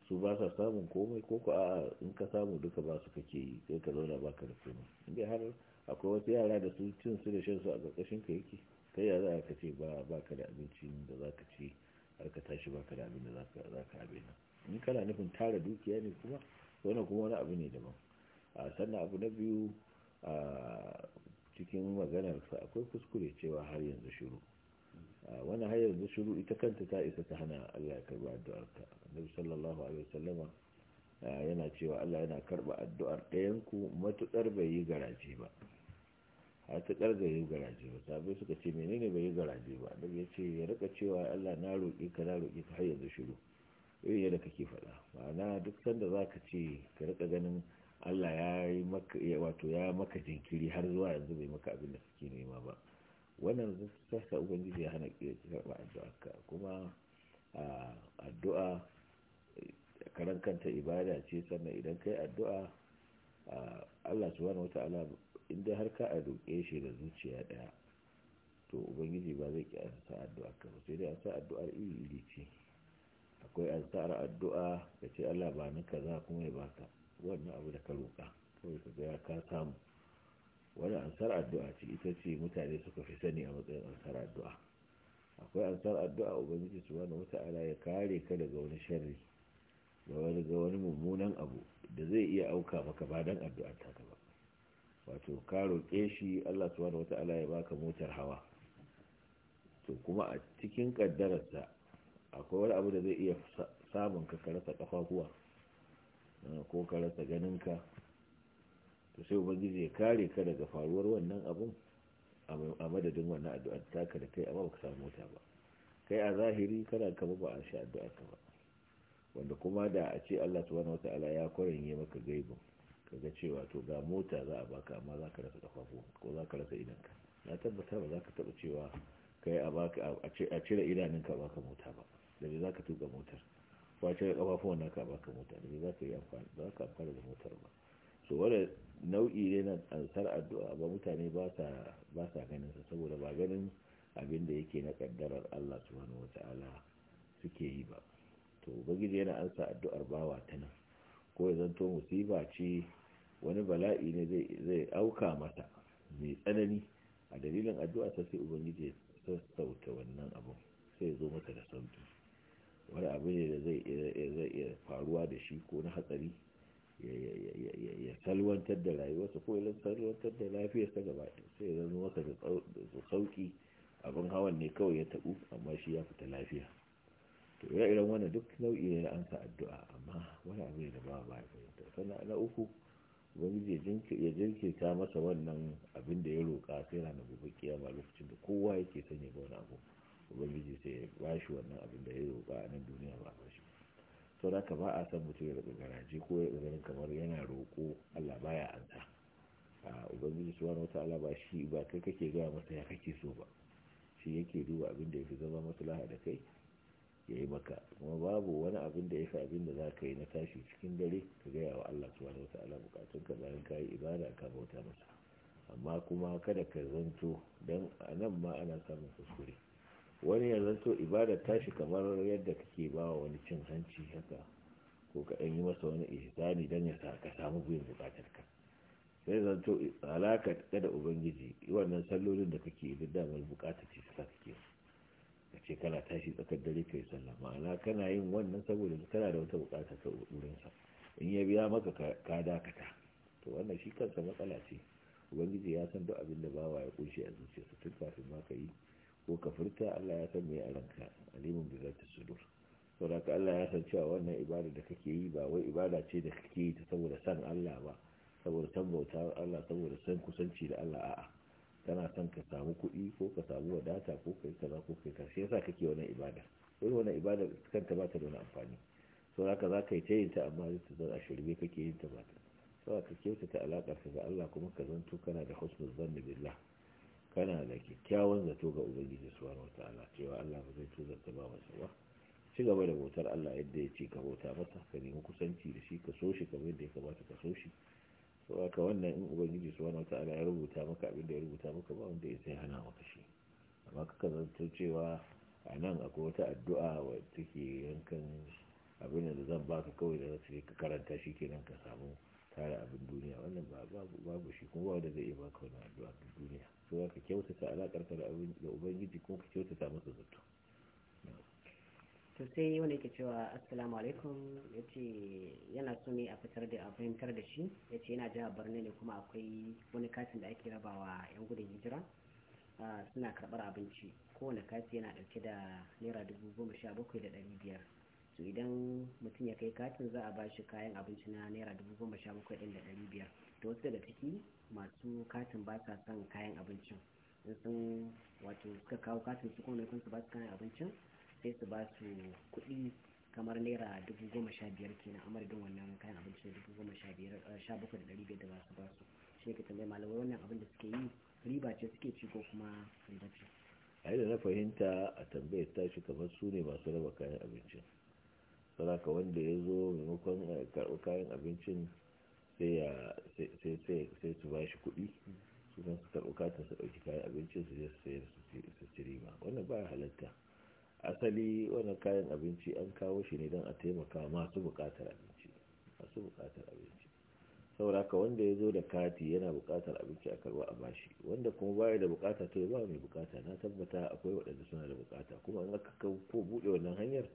su ba sa samun komai ko ko a'a in ka samu duka ba su kake yi sai ka zauna baka da komai inda har akwai wasu yara da su cin su da shan su a ƙarƙashin ka yake kai ya za ka ce ba ka da abincin da za ka ci har ka tashi ba ka da abin da za ka abin nan in kana nufin tara dukiya ne kuma wannan kuma wani abu ne daban a sannan abu na biyu a cikin maganar sa akwai kuskure cewa har yanzu shiru wani har yanzu shiru ita kanta ta isa ta hana Allah ya karba addu'arka annabi sallallahu alaihi wasallama yana cewa Allah yana karba addu'ar ɗayanku matuƙar matukar bai yi garaje ba a tukar yi garaje ba sabai suka ce menene bai yi garaje ba annabi ya ce ya rika cewa allah na roƙi ka na roƙi ka har yanzu shiru irin yadda kake faɗa ma'ana duk sanda za ka ce ka rika ganin allah ya yi maka wato ya maka jinkiri har zuwa yanzu bai maka abin da kake nema ba wannan sassa ubangiji ya hana karɓa addu'a ka kuma addu'a karan kanta ibada ce sannan idan kai addu'a allah subhanahu wata'ala inda har ka a roƙe shi da zuciya daya to ubangiji ba zai ƙi a sa addu'a ka ba sai dai a sa addu'ar iri iri ce akwai azkar addu'a ka ce Allah ba ni kaza kuma ya baka wannan abu da ka roƙa kawai ka ga ka samu wani ansar addu'a ce ita ce mutane suka fi sani a matsayin ansar addu'a akwai ansar addu'a ubangiji wata ala ya kare ka daga wani sharri da wani mummunan abu da zai iya auka maka ba dan addu'a ta ka ba wato ka roƙe shi Allah subhanahu wata'ala ya baka motar hawa to kuma a cikin kaddararsa akwai wani abu da zai iya samun ka ka rasa kafafuwa ko ka rasa ganinka to sai ubangiji ya kare ka daga faruwar wannan abun a madadin wannan addu'ar taka da kai amma baka samu mota ba kai a zahiri kana kama ba a sha addu'ar ka ba wanda kuma da a ce Allah subhanahu ta'ala ya kwaranye maka gaibu kaga cewa to ga mota za a baka amma za ka rasa kafafuwa ko za ka rasa idanka na tabbata ba za ka taba cewa kai a baka a cire idanunka baka mota ba daga zaka za ka tuka motar ba cire kafafuwan naka ba ka mota daga za ka yi amfani ba ka amfani da motar ba so wadda nau'i ne na ansar addu'a ba mutane ba sa ba sa ganin sa saboda ba ganin abin da yake na kaddarar Allah subhanahu wataala suke yi ba to ubangiji yana ansa addu'ar bawa ta nan ko ya zanto musiba ce wani bala'i ne zai auka mata mai tsanani a dalilin addu'a ta sai ubangiji ya sassauta wannan abun sai ya zo mata da sauki wani abu ne da zai iya faruwa da shi ko na hatsari ya salwantar da rayuwarsa ko ilin salwantar da lafiyarsa gaba sai ya zama masa da sauki abin hawan ne kawai ya tabu amma shi ya fita lafiya to ya irin wani duk nau'i ne na ansa addu'a amma wani abu ne da ba ba ya fahimta sannan na uku ubangiji ya jinkirta masa wannan abin da ya roƙa sai na gobe kiyama lokacin da kowa yake sanya ga wani abu ubangiji sai ya ba shi wannan abin da ya roƙa a nan duniya ba a shi sau da ba a san mutum ya rika garaje ko ya ganin kamar yana roƙo allah baya ansa a ubangiji su wani wata ala ba shi ba kai kake gaya masa ya kake so ba shi yake duba abin da ya fi zama maslaha da kai ya yi maka kuma babu wani abin da ya fi abin da za ka yi na tashi cikin dare ka gaya wa allah su wani wata ala ka bayan ka yi ibada ka bauta masa amma kuma kada ka zanto don a nan ma ana samun kuskure wani ya zanto ibada tashi kamar yadda kake ba wa wani cin hanci haka ko ka yi masa wani ihsani dan ya ka samu biyan ka sai zanto alaka ta da ubangiji wannan sallolin da kake duk damar bukata ce ta kake ka ce kana tashi tsakar dare kai sallah ma'ana kana yin wannan saboda kana da wata bukata ta wurinsa in ya biya maka ka dakata to wannan shi kansa matsala ce ubangiji ya san duk abin da bawa ya ƙunshi a zuciyarsa tun kafin ma ka yi ko ka furta Allah ya san me a ranka alimun bi ta sudur saboda ka Allah ya san cewa wannan ibada da kake yi ba wai ibada ce da kake yi ta saboda san Allah ba saboda san bauta Allah saboda san kusanci da Allah a'a kana san ka samu kuɗi ko ka samu wadata ko kai kaza ko kai kaza shi yasa kake wannan ibada wai wannan ibada kanta ba ta da wani amfani saboda haka za ka yi ta yin ta amma zai zan a shirme kake yin ta ba ta saboda ka kyautata alaƙar ka ga Allah kuma ka zanto kana da husnul zanni billah kana da kyakkyawan zato ga ubangiji wata wataala cewa Allah ba zai ta ba masa ba ci gaba da bautar Allah yadda ya ce ka bauta masa ka nemi kusanci da shi ka so shi kamar yadda ya kamata ka so shi to haka wannan in ubangiji wata wataala ya rubuta maka abin da ya rubuta maka ba wanda ya sai hana maka shi amma ka zanto cewa a nan akwai wata addu'a wadda take yankan abin da zan baka kawai da zai ka karanta shi kenan ka samu tara abin duniya wannan babu shi kuma wanda zai iya baka wani addu'a a duniya so ka kyautata alakarka da ubangiji ko ka kyautata masa zato to sai wani ke cewa assalamu alaikum ya ce yana so ne a fitar da a fahimtar da shi ya ce yana jihar birni ne kuma akwai wani katin da ake rabawa yan gudun hijira suna karɓar abinci kowane kati yana ɗauke da naira dubu goma sha bakwai da ɗari biyar to idan mutum ya kai katin za a ba shi kayan abinci na naira dubu goma sha bakwai ɗin da ɗari biyar to wasu daga ciki masu katin ba sa son kayan abincin sun wato suka kawo katin su kuma sun su ba su kayan abincin sai su ba su kuɗi kamar naira dubu goma sha biyar kenan a madadin wannan kayan abincin dubu goma sha biyar eh, sha bakwai da ɗari biyar da ba su ba su shi ne ka tambayi malamai wannan abin da suke yi riba ce suke ci ko kuma riba ce a yadda na fahimta a tambayar shi kamar su ne masu raba kayan abincin saraka wanda ya zo maimakon eh, karɓi kayan abincin sai su ba shi kuɗi su su karɓi katin su ɗauki kayan abincin su je su sayar su ci riba wannan ba halatta asali wannan kayan abinci an kawo shi ne don a taimaka masu buƙatar abinci masu buƙatar abinci saboda haka wanda ya zo da kati yana buƙatar abinci a karɓa a bashi wanda kuma baya da buƙata to ba mai buƙata na tabbata akwai waɗanda suna da buƙata kuma in aka ko buɗe wannan hanyar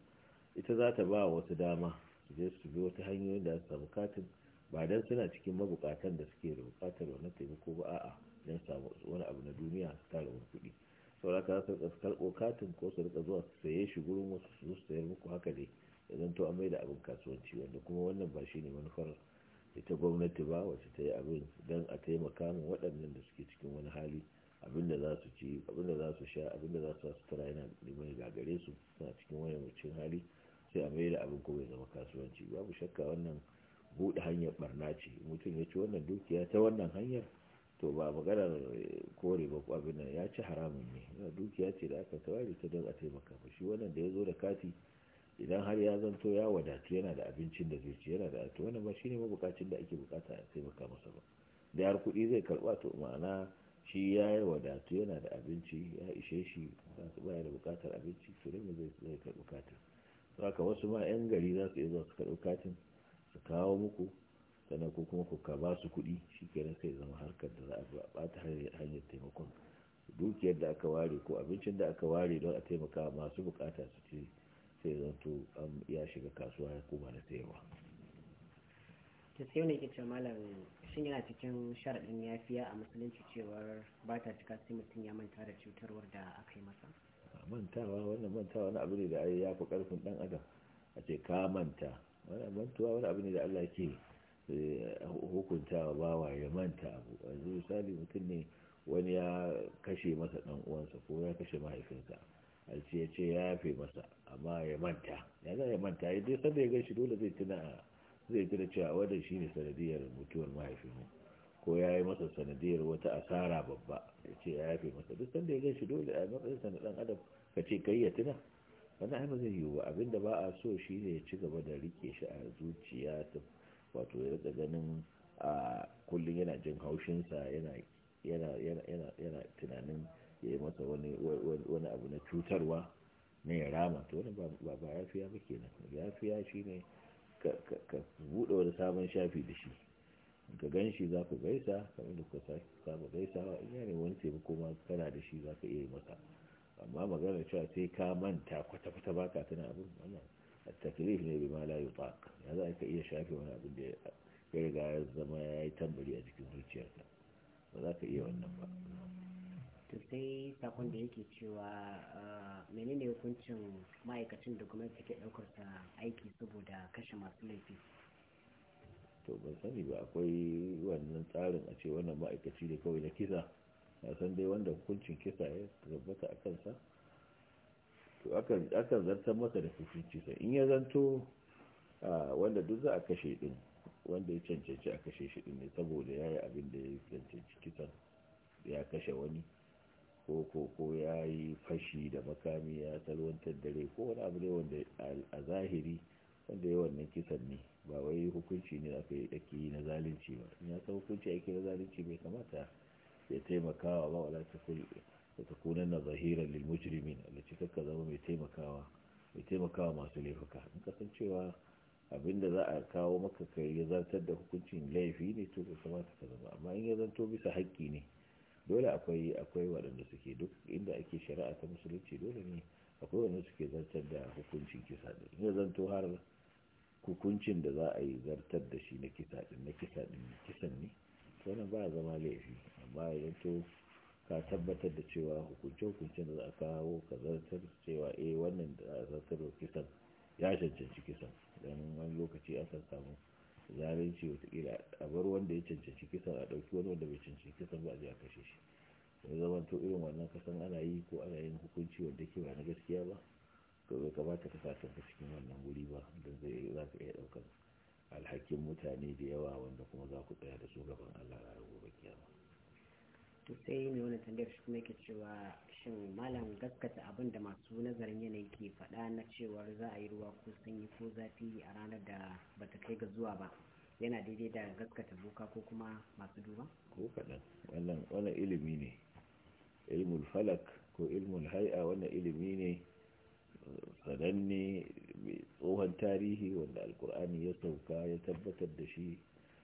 ita za ta ba wasu dama su je su bi wata hanyoyin da su samu katin ba dan suna cikin mabukatan da suke da bukatar wani taimako ba a'a don samu wani abu na duniya su tara wani kuɗi sauraka za su karɓo katin ko su rika zuwa su saye shi gurin wasu su sayar muku haka ne ya zanto an maida abin kasuwanci wanda kuma wannan ba shi ne manufar ita gwamnati ba wacce ta yi abin don a taimaka min waɗannan da suke cikin wani hali abin da za su ci abin da za su sha abin da za su sutura yana neman gagare su suna cikin wani mucin hali sai a maida abin kuma ya zama kasuwanci babu shakka wannan buɗe hanyar barna ce mutum ya ci wannan dukiya ta wannan hanyar to ba maganar eh, kore ba abin nan ya ci haramun ne dukiya ce da aka tawari ta don a taimaka ba shi wannan da ya zo da kati idan har ya zanto ya wadatu yana da abincin da zai ci yana da to wannan ba shine mabukacin da ake bukata a taimaka masa ba da har kuɗi zai karɓa to ma'ana shi ya yi wadatu yana da abinci ya ishe shi ba da bukatar abinci to ne zai karɓi katin Saka wasu ma 'yan gari za su iya zuwa su karɓi katin su kawo muku sannan ko kuma ku ka ba su kuɗi shi ke nan sai zama harkar da za a bata hanyar taimakon dukiyar da aka ware ko abincin da aka ware don a taimaka masu bukata su ce sai zanto an ya shiga kasuwa ya koma na sayarwa ta sai wani kicin malam shin yana cikin sharaɗin yafiya a musulunci cewar ba ta cika sai mutum ya manta da cutarwar da aka yi masa mantawa wannan mantawa na abu ne da ya fi karfin dan adam a ce ka manta wani mantuwa wani abu ne da Allah ke hukunta eh, hukuntawa bawa ya manta abu yanzu misali mutum ne wani ya kashe masa dan uwansa ko ya kashe mahaifinsa ce ya ce ya yafe masa amma ya manta ya za ya manta ya dai sanda ya gan shi dole zai tuna zai tuna cewa wadda shi ne sanadiyar mutuwar mahaifinmu ko ya yi masa sanadiyar wata asara babba ya ce ya yafe masa duk sanda ya gan shi dole a matsayin sanadin adam ka ce kai ya tuna wani abu zai yiwu ba abinda ba a so shi ne ya ci gaba da rike shi a zuciya ta wato ya rika ganin a kullum yana jin haushinsa yana tunanin ya yi masa wani abu na cutarwa na ya rama to wani ba muke ba ya fiya shi ne ka buɗe wani sabon shafi da shi ka gan shi za ku gaisa kamar da ku saba gaisawa in yana wani taimako ma kana da shi za ka iya yi masa amma magana cewa sai ka manta kwata-kwata ba ka tuna abin wannan taklif ne bi mala yi yutaq ya za ka iya shafe wani abin da ya riga ya zama ya yi tambari a cikin zuciyarka ba za ka iya wannan ba to sai sakon da yake cewa ah, menene hukuncin ma'aikacin da gwamnati ke ɗaukar sa aiki saboda kashe masu laifi to ban sani ba akwai wannan tsarin a ce wannan ma'aikaci ne kawai na kisa san dai wanda hukuncin kisa ya tabbata a kansa to akan zartar masa da hukuncin kisa in ya zanto wanda duk za a kashe din wanda ya cancanci a kashe shi din ne saboda ya yi abin da ya cancanci kisan ya kashe wani ko ko ko ya yi fashi da makami ya salwantar dare ko wani abu ne wanda a zahiri wanda ya wannan kisan ne ba wai hukunci ne aka yi na zalunci ba in ya san hukunci aiki na zalunci bai kamata ya taimakawa ba wala ta na zahiran lil mujrimin allaci kakka zama mai taimakawa mai taimakawa masu laifuka in kasancewa abinda za a kawo maka kai ya zartar da hukuncin laifi ne to ka kamata ka zama amma in ya zanto bisa haƙƙi ne dole akwai akwai waɗanda suke duk inda ake shari'a ta musulunci dole ne akwai waɗanda suke zartar da hukuncin kisa ne in ya zanto har hukuncin da za a yi zartar da shi na kisa ɗin na kisa ɗin kisan ne wannan ba zama laifi amma idan to ka tabbatar da cewa hukunce-hukuncen da za a kawo ka zartar cewa a eh, wannan da zartar kisan ya cancanci kisan don wani lokaci aka samu zalunci wataƙila a bar wanda ya cancanci kisan a ɗauki wani wanda bai cancanci kisan ba a je a kashe shi ya zama to irin wannan kasan ana yi ko ana yin hukunci wanda ke ba na gaskiya ba to bai kamata ka sa kanka cikin wannan wuri ba don zai za ka iya ɗaukar alhakin mutane da yawa wanda kuma za ku tsaya da su gaban Allah ranar gobe kiyama to sai mai wani tambayar shi kuma yake cewa shin malam gaskata abin da masu nazarin yanayi ke faɗa na cewar za a yi ruwa ko sanyi ko zafi a ranar da ba ta kai ga zuwa ba yana daidai da gaskata boka ko kuma masu duba ko kaɗan wannan ilimi ne ilmul falak ko ilmul hai'a wannan ilimi ne sananne mai tsohon tarihi wanda alkur'ani ya sauka ya tabbatar da shi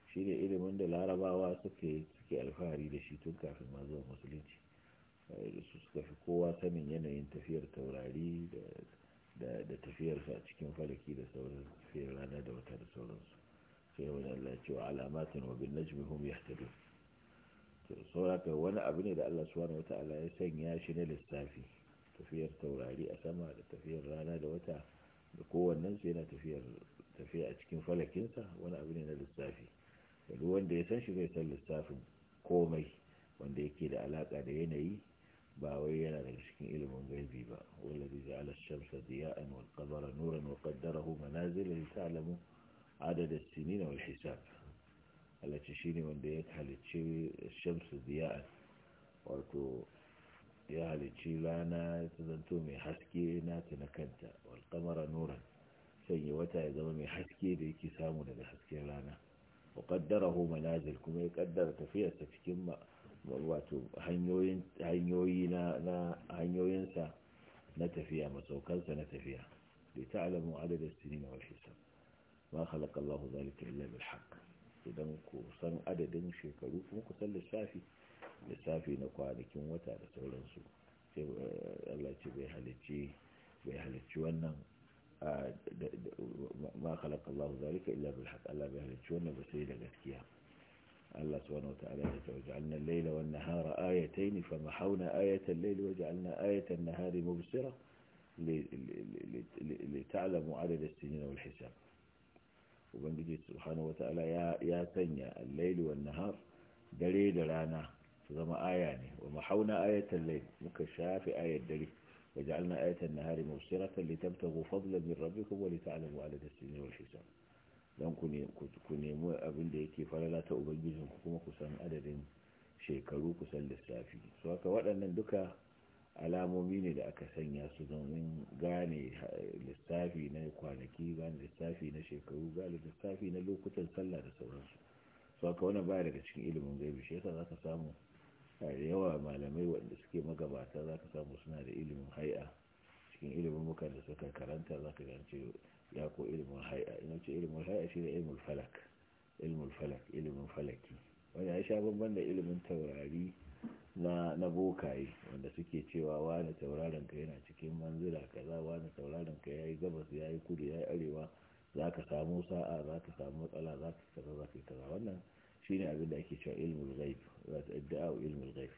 shi ne ilimin da larabawa suke suke alfahari da shi tun kafin ma zuwa musulunci su suka fi kowa sanin yanayin tafiyar taurari da tafiyar a cikin falaki da sauran tafiyar rana da wata da sauransu sai wani allah cewa alamatin wa bin najmi hum to sauraka wani abu ne da allah subhanahu wataala ya sanya shi na lissafi tafiyar taurari a sama da tafiyar rana da wata da kowannen su yana tafiyar tafiya a cikin falakinsa wani abu ne na lissafi da duk wanda ya san shi zai san lissafin komai wanda yake da alaka da yanayi ba wai yana daga cikin ilimin gaibi ba wallazi ja'ala ala shamsa diya'an wal qamara nuran wa qaddarahu manazil li ta'lamu adad as-sinina wal hisab Allah ce shine wanda ya halicce shamsu diya'an wato ya halicci rana ta zanto mai haske nata na kanta walƙamara nuran sanyi wata ya zama mai haske da yake samu daga hasken rana wa ƙaddara homa manazil kuma ya ƙaddara tafiyarsa cikin wato hanyoyinsa na tafiya masaukansa na tafiya da ta alamu adadin sinina wal hisab ma khalaqa Allahu zalika illa bil idan ku san adadin shekaru kuma ku san lissafi lissafi na kwanakin wata da sauransu sai Allah ce bai halicci bai halicci wannan ma khalaqa Allah zalika illa bil haqq Allah bai halicci wannan ba sai da gaskiya Allah subhanahu wataala ya ce waja'alna al-layla wan nahara ayatayn famahawna ayata al-layli waja'alna ayata an-nahari mubsira لتعلموا عدد wal hisab ubangiji subhanahu wata'ala ya sanya al-layli wan nahar dare da rana su zama aya ne wa mahauna ayatan lai muka shafi ayar dare wa ja'alna ayatan nahari mubsiratan litabtagu fadlan min rabbikum wa lita'lamu ala dasini wal hisab dan ku ne ku nemi abin da yake falala ta ubangijin ku kuma ku san adadin shekaru ku san lissafi so haka waɗannan duka alamomi ne da aka sanya su domin gane eh, lissafi na kwanaki gane lissafi na shekaru gane lissafi na lokutan sallah da sauransu so haka wannan baya daga cikin ilimin gaibi shi yasa ka samu da yawa malamai wanda suke magabata za ka samu suna da ilimin hai'a cikin ilimin muka da suka karanta za ka gance ya ko ilimin hai'a ina ce ilimin hai'a shi ne ilimin falak ilimin falak ilimin falaki wanda ya sha da ilimin taurari na na bokaye wanda suke cewa wani tauraron ka yana cikin manzila kaza wani tauraron ka yayi gabas yayi kudu yayi arewa za samu sa'a za samu matsala za ka kaza za kaza wannan shi ne abin da ake cewa ilmul gaib da'a'u ilmul gaib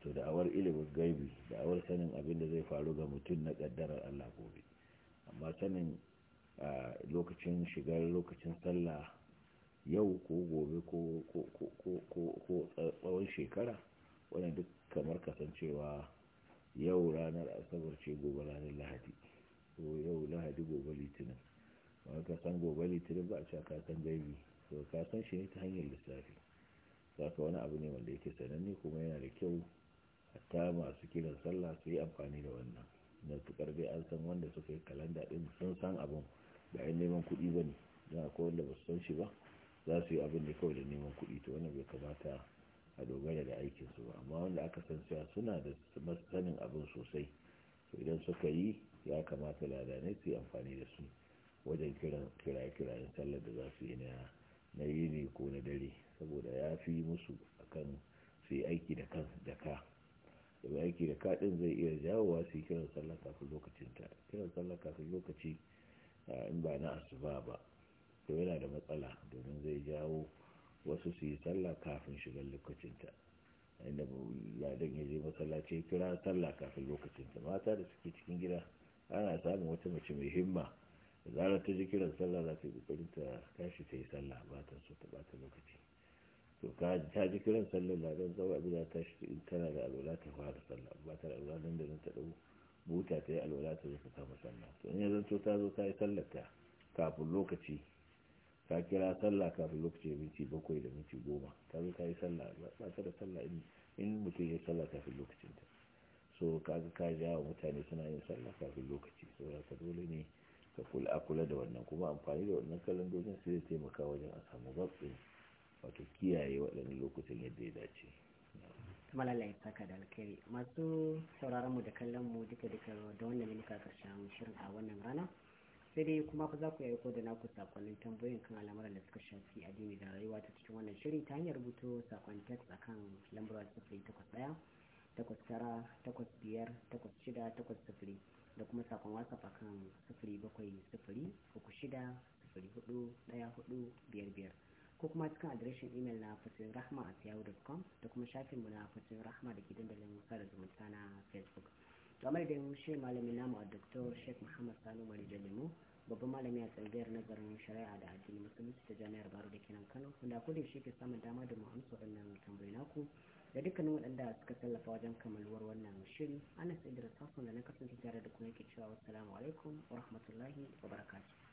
to da'awar ilimin gaibi da'awar sanin abin da zai faru ga mutum na kaddarar Allah gobe amma sanin lokacin shigar lokacin sallah yau ko gobe ko tsawon shekara wannan duk kamar kasancewa yau ranar asabar ce gobe ranar lahadi ko yau lahadi gobe litinin wani kasan gobe litinin ba a cewa ka san gaibi to ka san shi ne ta hanyar lissafi saka wani abu ne wanda yake sananne kuma yana da kyau hatta masu kiran sallah su yi amfani da wannan na tukar dai an san wanda suka yi kalanda din sun san abin ba yan neman kuɗi ba ne don akwai wanda ba su san shi ba za su yi abin ne kawai da neman kuɗi to wannan bai kamata a dogara da aikin su ba amma wanda aka san cewa suna da sanin abin sosai to idan suka yi ya kamata ladanai su yi amfani da su wajen kiran kiraye-kirayen sallar da za su yi na na yini ko na dare saboda ya fi musu akan su yi aiki da kan da ka da aiki da ka din zai iya jawowa su yi kiran sallah kafin lokacin ta kiran sallah kafin lokaci in ba na asuba ba to yana da matsala domin zai jawo wasu su yi sallah kafin shigar lokacin ta inda ladan ya je masallaci kira sallah kafin lokacin ta mata da suke cikin gida ana samun wata mace mai himma da zarar ta ji kiran sallah za ta yi kokarin ta tashi ta yi sallah ba ta so ta bata lokaci to ka ta ji kiran sallah na dan zawa abin ta tashi tana da alwala ta fara sallah ba ta da alwala dan da zan ta dau buta ta yi alwala ta zo ta kama sallah to in ya to ta zo ta yi sallah ta kafin lokaci ka kira sallah kafin lokaci minti bakwai da minti goma ta zo ta yi sallah ba ta da sallah in mutum ya sallah kafin lokacin ta so kaga ka jawo mutane suna yin sallah kafin lokaci saboda ka dole ne ka kula a kula da wannan kuma amfani da wannan kalandojin sai zai taimaka wajen a samu zaɓin wato kiyaye waɗannan lokutan yadda ya dace malalai saka da alkhairi masu sauraron mu da kallon mu duka duka da wannan muka karshen shirin a wannan rana sai dai kuma fa za ku yi aiko da naku sakonnin tambayoyin kan al'amuran da suka shafi addini da rayuwa ta cikin wannan shiri ta hanyar rubuto sakon text akan lambar sifiri takwas ɗaya takwas tara takwas biyar takwas shida takwas sifiri da kuma sakon whatsapp akan sifiri bakwai sifiri uku shida huɗu ɗaya biyar biyar ko kuma cikin adireshin imel na fasirin rahma a yahoo.com da kuma shafinmu na fasirin rahma da ke dandalin sada zumunta na facebook kamar da shi malamin namu a dr sheikh muhammad sanu marijan lemu babban malami a tsangayar nazarin shari'a da addinin musulunci ta jami'ar baro da kenan kano wanda kudin shi ke samun dama da mu amsa waɗannan tambayi naku da dukkanin waɗanda suka tallafa wajen kammaluwar wannan shiri sai da rasafin da na kasance tare da kuma ke cewa wasu alaikum wa rahmatullahi wa barakatuh